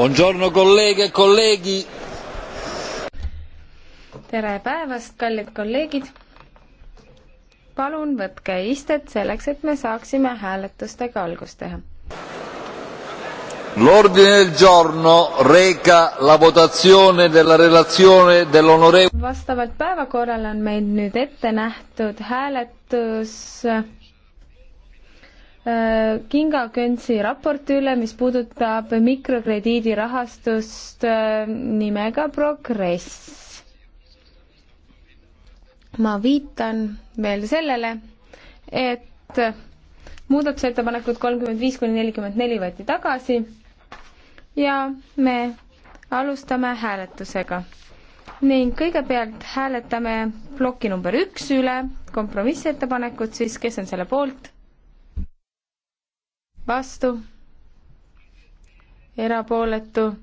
Buongiorno kolleege, kolleegi. E tere päevast, kallid kolleegid. palun võtke istet selleks, et me saaksime hääletustega algust teha. L'ordine del giorno reca la votazione della relazione dell'onorevole vastavalt päevakorrale on meil nüüd ette nähtud hääletus Äh, Kinga Könsi raporti üle, mis puudutab mikrokrediidirahastust äh, nimega Progress. ma viitan veel sellele, et muudatusettepanekud kolmkümmend viis kuni nelikümmend neli võeti tagasi ja me alustame hääletusega. ning kõigepealt hääletame ploki number üks üle, kompromissettepanekud siis, kes on selle poolt vastu, erapooletu.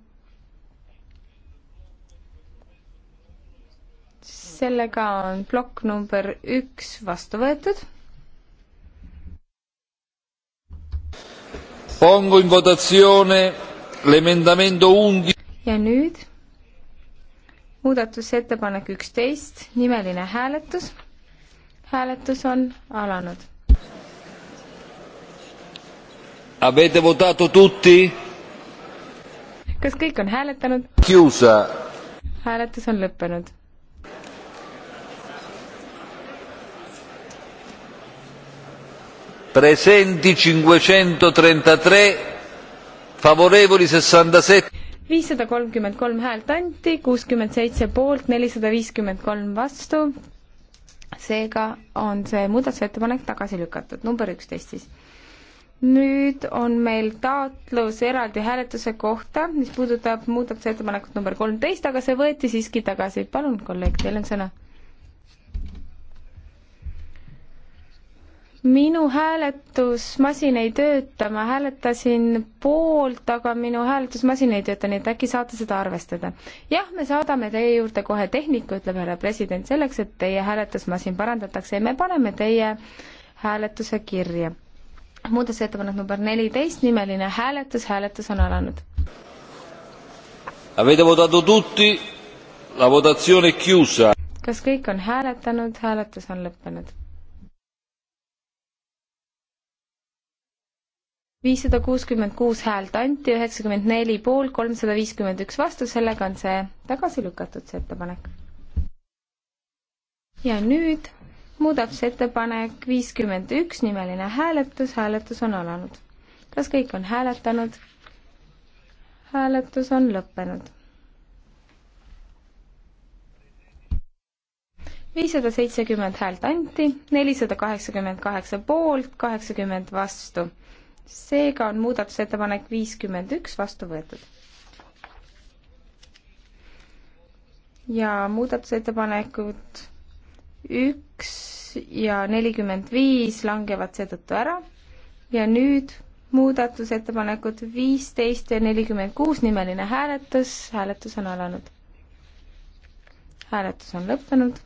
sellega on plokk number üks vastu võetud. Pongo in votazione l'emendamento ungi-. ja nüüd muudatusettepanek üksteist, nimeline hääletus. hääletus on alanud Avete votato tutti? kas kõik on hääletanud? hääletus on lõppenud. Presenti cinquecentotrentatré, favorevoli sessantasette. viissada kolmkümmend kolm häält anti, kuuskümmend seitse poolt, nelisada viiskümmend kolm vastu. seega on see muudatusettepanek tagasi lükatud, number üksteist siis nüüd on meil taotlus eraldi hääletuse kohta, mis puudutab muudatusettepanekut number kolmteist, aga see võeti siiski tagasi. palun, kolleeg, teil on sõna. minu hääletusmasin ei tööta, ma hääletasin poolt, aga minu hääletusmasin ei tööta, nii et äkki saate seda arvestada. jah, me saadame teie juurde kohe tehniku, ütleb härra president, selleks, et teie hääletusmasin parandatakse ja me paneme teie hääletuse kirja muudatusettepanek number neliteist, nimeline hääletus, hääletus on alanud. Avete votato tutti, la votazione è chiusa. kas kõik on hääletanud, hääletus on lõppenud. viissada kuuskümmend kuus häält anti, üheksakümmend neli poolt, kolmsada viiskümmend üks vastu, sellega on see tagasi lükatud, see ettepanek. ja nüüd muudatusettepanek viiskümmend üks, nimeline hääletus, hääletus on alanud. kas kõik on hääletanud? hääletus on lõppenud. viissada seitsekümmend häält anti, nelisada kaheksakümmend kaheksa poolt, kaheksakümmend vastu. seega on muudatusettepanek viiskümmend üks vastu võetud. ja muudatusettepanekud üks ja nelikümmend viis langevad seetõttu ära ja nüüd muudatusettepanekud viisteist ja nelikümmend kuus nimeline hääletus, hääletus on alanud. hääletus on lõppenud.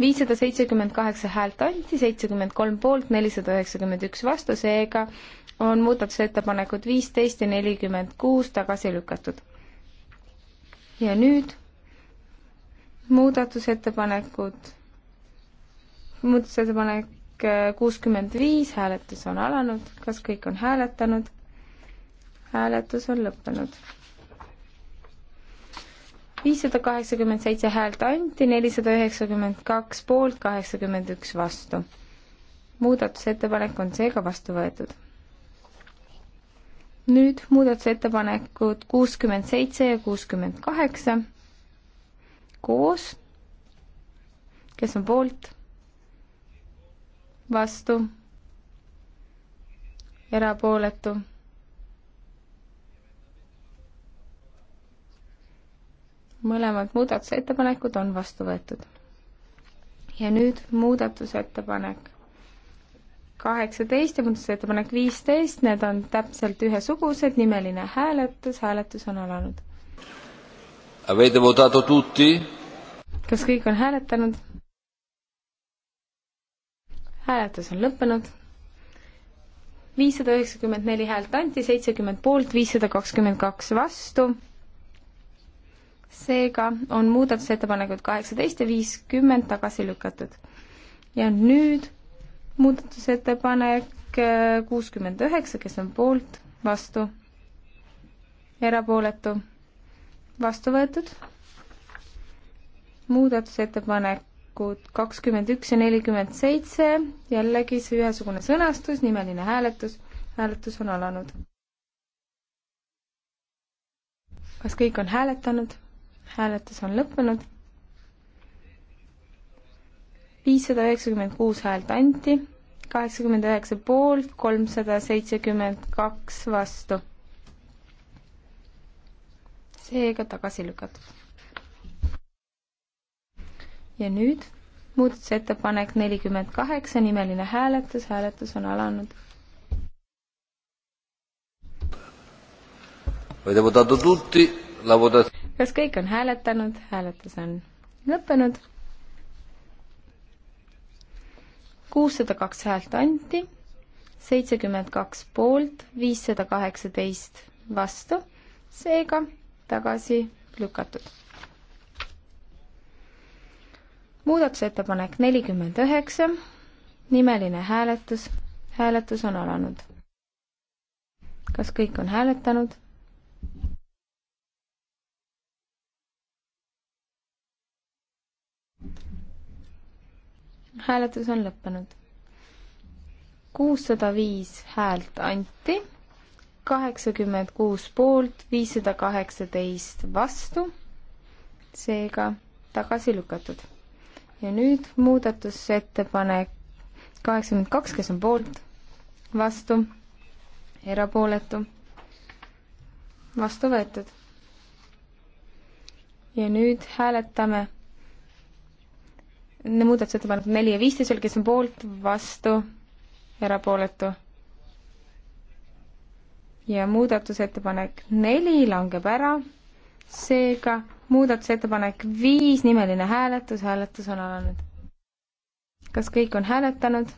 viissada seitsekümmend kaheksa häält anti, seitsekümmend kolm poolt, nelisada üheksakümmend üks vastu, seega on muudatusettepanekud viisteist ja nelikümmend kuus tagasi lükatud ja nüüd muudatusettepanekud, muudatusettepanek äh, kuuskümmend viis, hääletus on alanud, kas kõik on hääletanud? hääletus on lõppenud. viissada kaheksakümmend seitse häält anti, nelisada üheksakümmend kaks poolt, kaheksakümmend üks vastu. muudatusettepanek on seega vastu võetud nüüd muudatusettepanekud kuuskümmend seitse ja kuuskümmend kaheksa koos. kes on poolt? vastu? erapooletu? mõlemad muudatusettepanekud on vastu võetud. ja nüüd muudatusettepanek kaheksateist ja muudatusettepanek viisteist, need on täpselt ühesugused, nimeline hääletus, hääletus on alanud. kas kõik on hääletanud? hääletus on lõppenud. viissada üheksakümmend neli häält anti, seitsekümmend poolt, viissada kakskümmend kaks vastu. seega on muudatusettepanekud kaheksateist ja viiskümmend tagasi lükatud. ja nüüd muudatusettepanek äh, kuuskümmend üheksa, kes on poolt, vastu, erapooletu, vastu võetud. muudatusettepanekud kakskümmend üks ja nelikümmend seitse, jällegi see ühesugune sõnastus, nimeline hääletus, hääletus on alanud. kas kõik on hääletanud? hääletus on lõppenud viissada üheksakümmend kuus häält anti, kaheksakümmend üheksa poolt, kolmsada seitsekümmend kaks vastu. seega tagasi lükatud. ja nüüd muudatusettepanek nelikümmend kaheksa, nimeline hääletus, hääletus on alanud. kas kõik on hääletanud, hääletus on lõppenud kuussada kaks häält anti, seitsekümmend kaks poolt, viissada kaheksateist vastu, seega tagasi lükatud. muudatusettepanek nelikümmend üheksa, nimeline hääletus, hääletus on alanud. kas kõik on hääletanud? hääletus on lõppenud. kuussada viis häält anti, kaheksakümmend kuus poolt, viissada kaheksateist vastu, seega tagasi lükatud. ja nüüd muudatusettepanek kaheksakümmend kaks, kes on poolt, vastu, erapooletu, vastu võetud. ja nüüd hääletame muudatusettepanekud neli ja viisteist veel, kes on poolt, vastu, erapooletu. ja muudatusettepanek neli langeb ära, seega muudatusettepanek viis, nimeline hääletus, hääletus on alanud. kas kõik on hääletanud?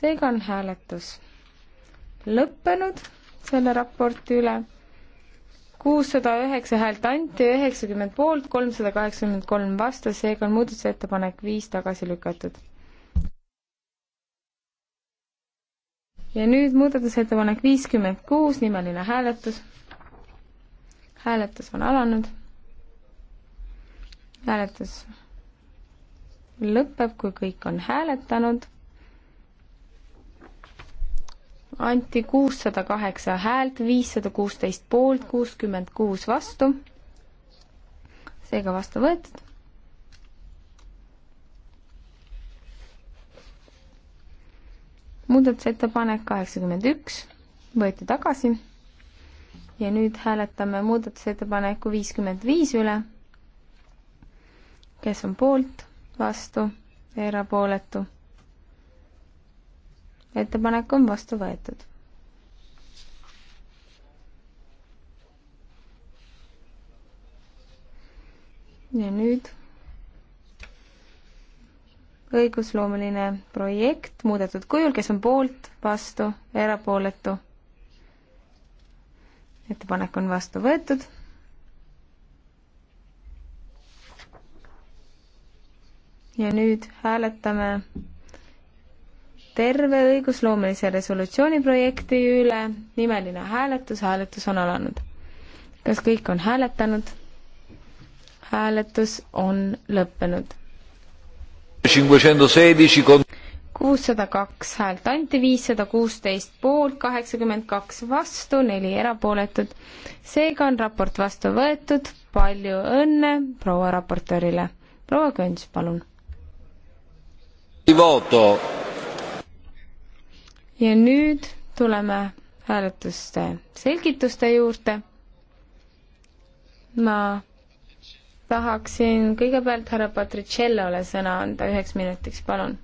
seega on hääletus lõppenud selle raporti üle kuussada üheksa häält anti, üheksakümmend poolt, kolmsada kaheksakümmend kolm vastu, seega on muudatusettepanek viis tagasi lükatud. ja nüüd muudatusettepanek viiskümmend kuus, nimeline hääletus. hääletus on alanud. hääletus lõpeb, kui kõik on hääletanud anti kuussada kaheksa häält, viissada kuusteist poolt, kuuskümmend kuus vastu. seega vastu võetud. muudatusettepanek kaheksakümmend üks võeti tagasi ja nüüd hääletame muudatusettepaneku viiskümmend viis üle. kes on poolt, vastu, erapooletu ettepanek on vastu võetud. ja nüüd õigusloomeline projekt muudetud kujul, kes on poolt, vastu, erapooletu. ettepanek on vastu võetud ja nüüd hääletame terve õigusloomelise resolutsiooni projekti üle nimeline hääletus, hääletus on alanud. kas kõik on hääletanud? hääletus on lõppenud. kuussada kaks häält anti, viissada kuusteist poolt, kaheksakümmend kaks vastu, neli erapooletut. seega on raport vastu võetud, palju õnne proua raportöörile. proua Köns, palun. Voto ja nüüd tuleme hääletuste selgituste juurde. ma tahaksin kõigepealt härra Patricellole sõna anda üheks minutiks, palun